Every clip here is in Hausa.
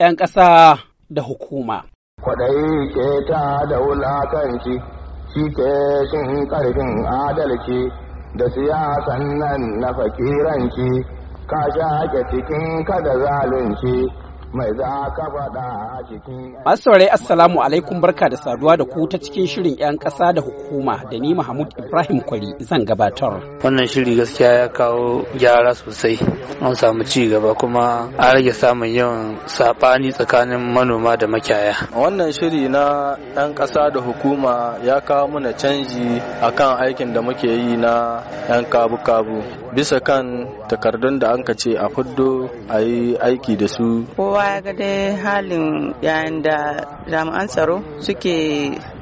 'yan ƙasa da hukuma. Kwaɗayi ke ta da wulakanci, shi ke cin ƙarfin adalci da siyasan nan na fakiranci, ka shaƙe cikin kada zalunci. mai Assalamu alaikum barka da saduwa da ku ta cikin shirin 'yan ƙasa da hukuma da ni Mahmud Ibrahim Kwari zan gabatar. Wannan shiri gaskiya ya kawo gyara sosai an samu ci gaba kuma an rage samun yawan saɓani tsakanin manoma da makiyaya. Wannan shiri na 'yan ƙasa da hukuma ya kawo mana canji akan aikin da muke yi na 'yan kabu-kabu bisa kan takardun da an ce a fuddo a yi aiki da su. Kowa ga dai halin yayin da jami'an tsaro suke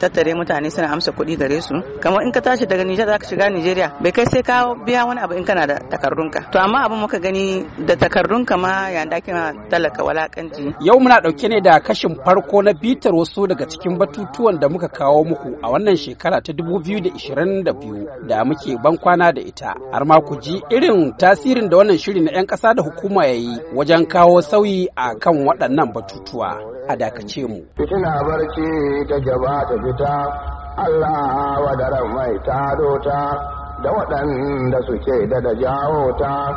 tattare mutane suna amsa kuɗi gare su kamar in ka tashi daga Nijar zaka shiga Nijeriya bai kai sai ka biya wani abu in kana da takardunka to amma abin muka gani da takardunka ma yayin da kina talaka walakanci yau muna dauke ne da kashin farko na bitar wasu daga cikin batutuwan da muka kawo muku a wannan shekara ta 2022 da muke ban kwana da ita har ma ku ji irin tasirin da wannan shiri na 'yan ƙasa da hukuma ya yi wajen kawo sauyi a kan kan waɗannan batutuwa a dakace mu. Fitina barci ta gaba ta fita, Allah wa wadaran mai ta ta da waɗanda suke da da jawo ta,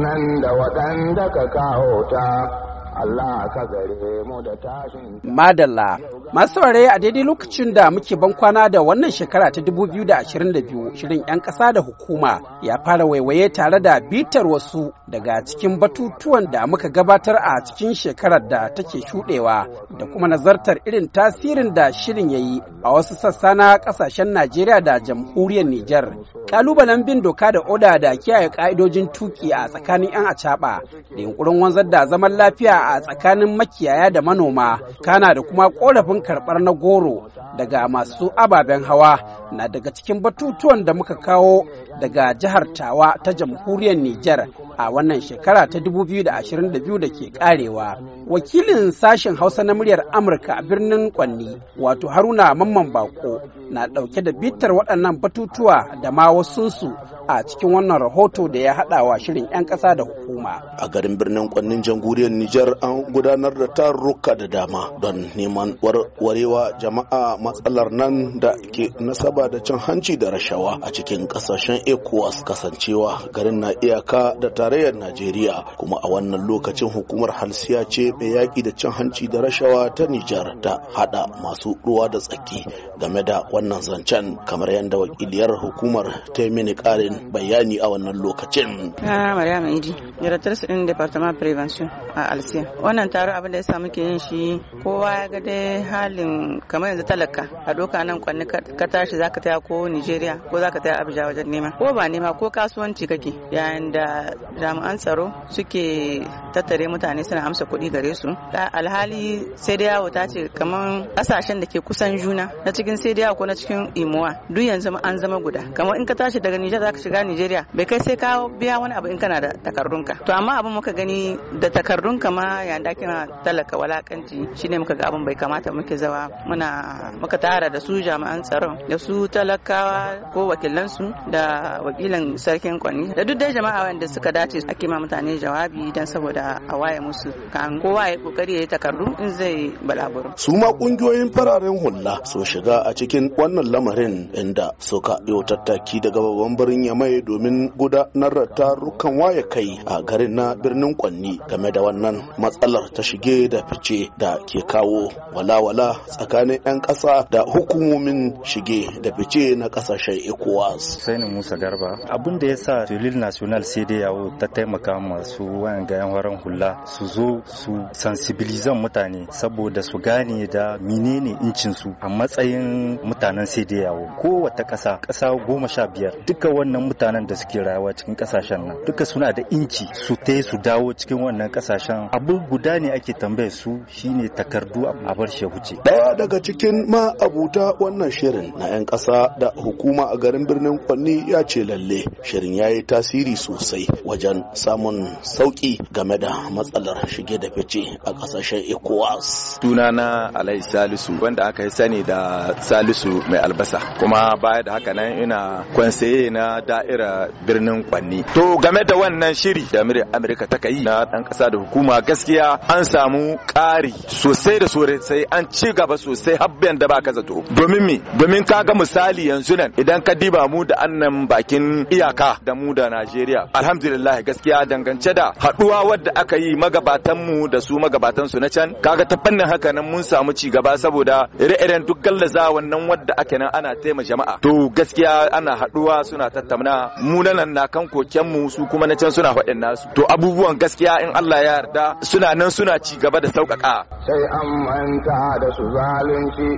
nan da waɗanda ka kawo ta. Madala, Madalla masu saurare a daidai lokacin da muke ban kwana da wannan shekara ta 2022 shirin 'yan ƙasa da hukuma ya fara waiwaye tare da bitar wasu daga cikin batutuwan da muka gabatar a cikin shekarar da take shuɗewa da kuma nazartar irin tasirin da shirin ya yi a wasu sassa na ƙasashen Najeriya da jamhuriyar Nijar. Kalubalen bin doka da oda da kiyaye ƙa'idojin tuki a tsakanin 'yan acaɓa da yunkurin wanzar da zaman lafiya a tsakanin makiyaya da manoma kana da kuma korafin karɓar na goro daga masu ababen hawa na daga cikin batutuwan da muka kawo daga jihar tawa ta jamhuriyar Nijar a wannan shekara ta 2022 da ke karewa. Wakilin sashen Hausa na muryar Amurka a birnin Kwanni wato Haruna Mamman Bako na ɗauke da bitar waɗannan batutuwa da ma wasunsu a cikin wannan rahoto da ya haɗawa wa shirin 'yan ƙasa da hukuma. A garin birnin kwannin janguriyar Nijar an gudanar da tarurruka da dama don neman warewa jama'a matsalar nan da ke nasaba da cin hanci da rashawa a cikin kasashen ECOWAS kasancewa garin na iyaka da tarayyar Najeriya kuma a wannan lokacin hukumar halsiya ce mai yaƙi da cin hanci da rashawa ta Nijar ta haɗa masu ruwa da tsaki game da wannan zancen kamar yadda wakiliyar hukumar ta mini bayani a wannan lokacin. Na ah, Maryam Idi, Yaratar ɗin Departement Prevention a Alsiya. Wannan taro abin da ya samu ke yin shi kowa ya ga dai halin kamar yanzu talaka a doka nan kwanni ka tashi zaka taya ko Nigeria ko zaka taya Abuja wajen nema ko ba nema ko kasuwanci kake yayin da jami'an tsaro suke tattare mutane suna amsa kuɗi gare su. Alhali sai dai yawo ta ce kamar ƙasashen da ke kusan juna na cikin sai dai yawo ko na cikin imuwa duk yanzu an zama guda kamar in ka tashi daga Nijar ka shiga Nigeria bai kai sai ka biya wani abu in kana da takardunka to amma abin muka gani da takardunka ma ya da kina talaka walakanci shine muka ga abin bai kamata muke zawa muna muka tara da su jami'an tsaron da su talakawa ko wakilansu da wakilan sarkin kwani da duk dai jama'a wanda suka dace ake ma mutane jawabi dan saboda a waye musu kan kowa ya kokari ya takardu in zai balaburu su ma kungiyoyin fararen hulla su shiga a cikin wannan lamarin inda suka yi tattaki daga babban birnin mai domin gudanar da tarukan waya kai a garin na birnin kwanni game da wannan matsalar ta shige da fice da ke kawo walawala tsakanin 'yan ƙasa da hukumomin shige da fice na ƙasashen ecowas sainin musa garba abin da ya sa tulil national sai ya yawo ta taimaka masu wayan gayan waran hula su zo su sensibilizan mutane saboda su gane da menene incinsu a matsayin mutanen sai dai yawo kowace ƙasa ƙasa goma sha biyar duka wannan mutanen da suke rayuwa cikin kasashen nan duka suna da inci su te su dawo cikin wannan kasashen abu guda ne ake tambaye su shine takardu a bar shi huce daya daga cikin ma abuta wannan shirin na yan kasa da hukuma a garin birnin Kwanni ya ce lalle shirin ya yayi tasiri sosai wajen samun sauki game da matsalar shige da fice a kasashen ECOWAS tunana Alai Salisu wanda aka yi sani da Salisu mai albasa kuma baya da haka nan ina kwansaye na da da'ira birnin Kwanni. To game da wannan shiri da Amurka ta yi na dan ƙasa da hukuma gaskiya an samu ƙari sosai da sosai an ci gaba sosai habben da baka zato. Domin me? Domin ka ga misali yanzu nan idan ka diba mu da annan bakin iyaka da mu da Najeriya. Alhamdulillah gaskiya dangance da haduwa wadda aka yi magabatan mu da su magabatan su na can kaga ta fannin haka nan mun samu ci gaba saboda ire-iren duk gallaza wannan wadda ake nan ana taimaka jama'a. To gaskiya ana haduwa suna tattauna muna mu nan na kan koken mu su kuma na can suna faɗin nasu to abubuwan gaskiya in Allah ya yarda suna nan suna ci gaba da sauƙaƙa sai an manta da su zalunci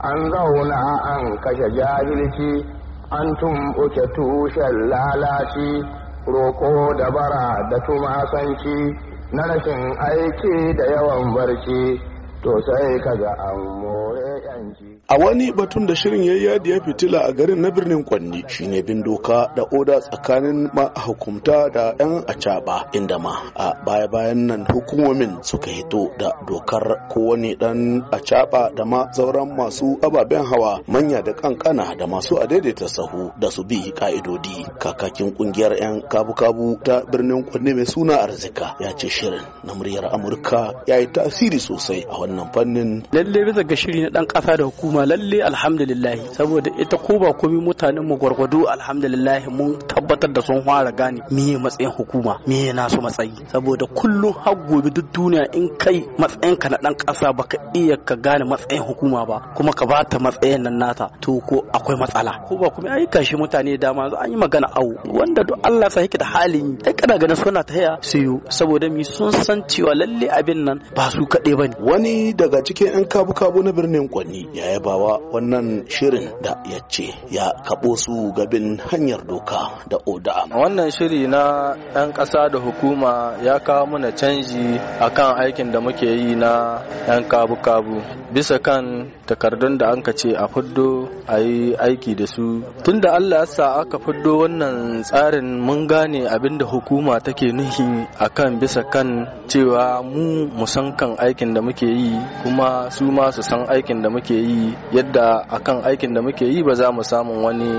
an zauna an kashe jahilci an tumɓuke tushen lalaci roko da bara da tumasanci na rashin aiki da yawan barci to sai kaga more A wani batun da shirin ya yadi ya fitila a garin na birnin Kwanni shine bin doka da oda tsakanin hukumta da 'yan acaba inda ma a baya-bayan nan hukumomin suka hito da dokar kowane dan acaba da ma zauren masu ababen hawa manya da kankana da masu adaidaita sahu da su bi ka'idodi kakakin kungiyar 'yan kabu-kabu ta birnin Kwanni mai suna arzika ya ce shirin na muryar Amurka ya yi tasiri sosai a wani wannan fannin lalle bisa ga shiri na dan kasa da hukuma lalle alhamdulillah saboda ita ko ba komai mutanen mu gwargwado alhamdulillah mun tabbatar da sun fara gane miye matsayin hukuma miye nasu matsayi saboda kullum har gobe duk duniya in kai matsayin ka na dan kasa baka iya ka gane matsayin hukuma ba kuma ka bata matsayin nan nata to ko akwai matsala ko ba kuma ai kashi mutane dama an yi magana awu. wanda duk Allah sa yake da halin ai kana ganin suna ta haya sai saboda mi sun san cewa lalle abin nan ba su kaɗai bane wani daga cikin 'yan kabu-kabu na birnin Kwanni ya yabawa wannan shirin da ya ce ya kabo su gabin hanyar doka da oda. Wannan shiri na 'yan ƙasa da hukuma ya kawo mana canji akan aikin da muke yi na 'yan kabu-kabu bisa kan takardun da an ce a fuddo a yi aiki da su. Tunda Allah ya sa aka fuddo wannan tsarin mun gane abin da hukuma take nuhi akan bisa kan cewa mu musan kan aikin da muke yi kuma su ma su san aikin da muke yi yadda akan aikin da muke yi ba za mu samu wani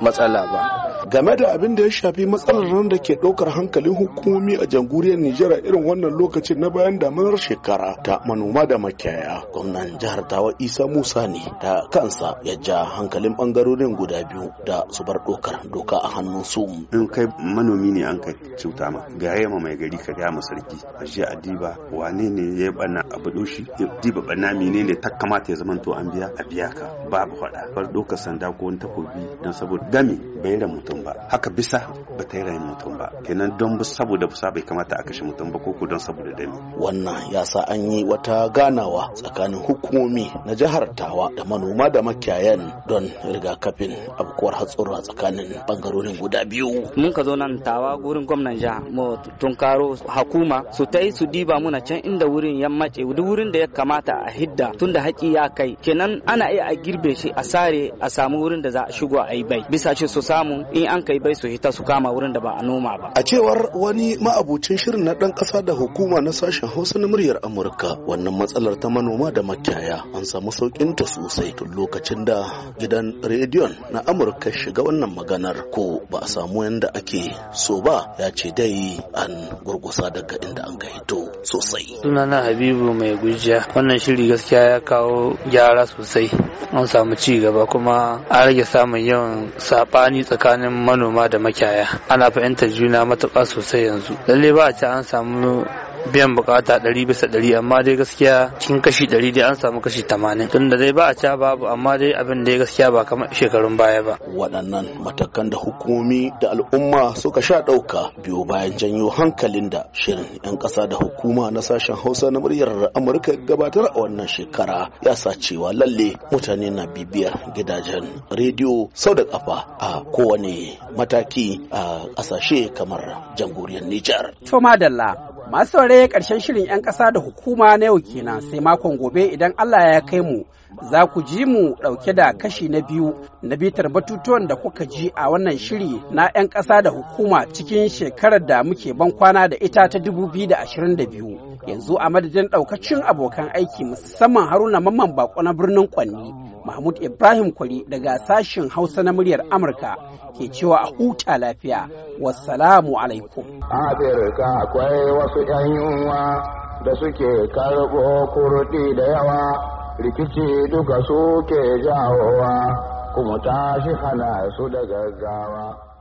matsala ba game da abin da ya shafi matsalar nan da ke ɗaukar hankalin hukumomi a jamhuriyar Nijar a irin wannan lokacin na bayan damanar shekara ta manoma da makiyaya. Gwamnan jihar Tawa Isa Musa ne da kansa ya ja hankalin bangarorin guda biyu da su bar ɗaukar doka a hannun su. In kai manomi ne an kai cuta ma ga yamma mai gari ka gaya sarki a shi a diba wane ne ya bana a doshi diba bana ne ta kamata ya zamanto an biya a biya ka babu faɗa bar ɗaukar sanda ko wani takobi don saboda gami bai da mutum ba haka bisa ba ta yi rayin mutum ba kenan don saboda busa bai kamata a kashe mutum ba koko don saboda dani wannan ya sa an yi wata ganawa tsakanin hukumomi na jihar tawa da manoma da makiyayan don rigakafin abkuwar hatsura tsakanin bangarorin guda biyu mun ka zo nan tawa gurin gwamnan jiha mu tunkaro hakuma su ta yi su diba muna can inda wurin ya mace duk wurin da ya kamata a hidda tunda haƙi ya kai kenan ana iya a girbe shi a sare a samu wurin da za a shigo a yi bai bisa ce su samu in an kai bai su hita su kama wurin da ba a noma ba. A cewar wani ma'abucin shirin na ɗan ƙasa da hukuma na sashen Hausa na muryar Amurka wannan matsalar ta manoma da makiyaya an samu sauƙin ta sosai tun lokacin da gidan rediyon na Amurka shiga wannan maganar ko ba a samu yadda ake so ba ya ce dai an gurgusa daga inda an ga hito sosai. Sunana Habibu mai gujiya wannan shiri gaskiya ya kawo gyara sosai an samu ci gaba kuma a rage samun yawan saɓani tsakanin manoma da makiyaya ana fahimtar juna matuƙa sosai yanzu lalle ba a ce an samu biyan bukata ɗari bisa ɗari amma dai gaskiya cikin kashi ɗari dai an samu kashi tamanin tunda dai ba a ca babu amma dai abin da gaskiya ba kamar shekarun baya ba. Waɗannan matakan da hukumomi da al'umma suka sha ɗauka biyo bayan janyo hankalin da shirin 'yan ƙasa da hukuma na sashen Hausa na muryar Amurka gabatar a wannan shekara ya sa cewa lalle mutane na bibiyar gidajen rediyo sau da kafa a kowane mataki a kasashe kamar jamhuriyar Nijar. To madalla Masu saurare karshen shirin 'yan ƙasa da hukuma na yau kenan sai makon gobe idan Allah ya kai mu za ku ji mu ɗauke da kashi na biyu na bitar batutuwan da kuka ji a wannan shiri na 'yan ƙasa da hukuma cikin shekarar da muke ban kwana da ita ta da ashirin biyu. Yanzu a madadin ɗaukacin abokan aiki musamman Haruna Mamman Bako na birnin Kwanni. Mahmud Ibrahim Kwari daga sashen Hausa na muryar Amurka ke cewa a huta lafiya. Wassalamu alaikum. Afirka akwai wasu 'yan yunwa da suke karɓo kurɗi da yawa, rikici duka suke jawowa, kuma tashi hana su da gaggawa.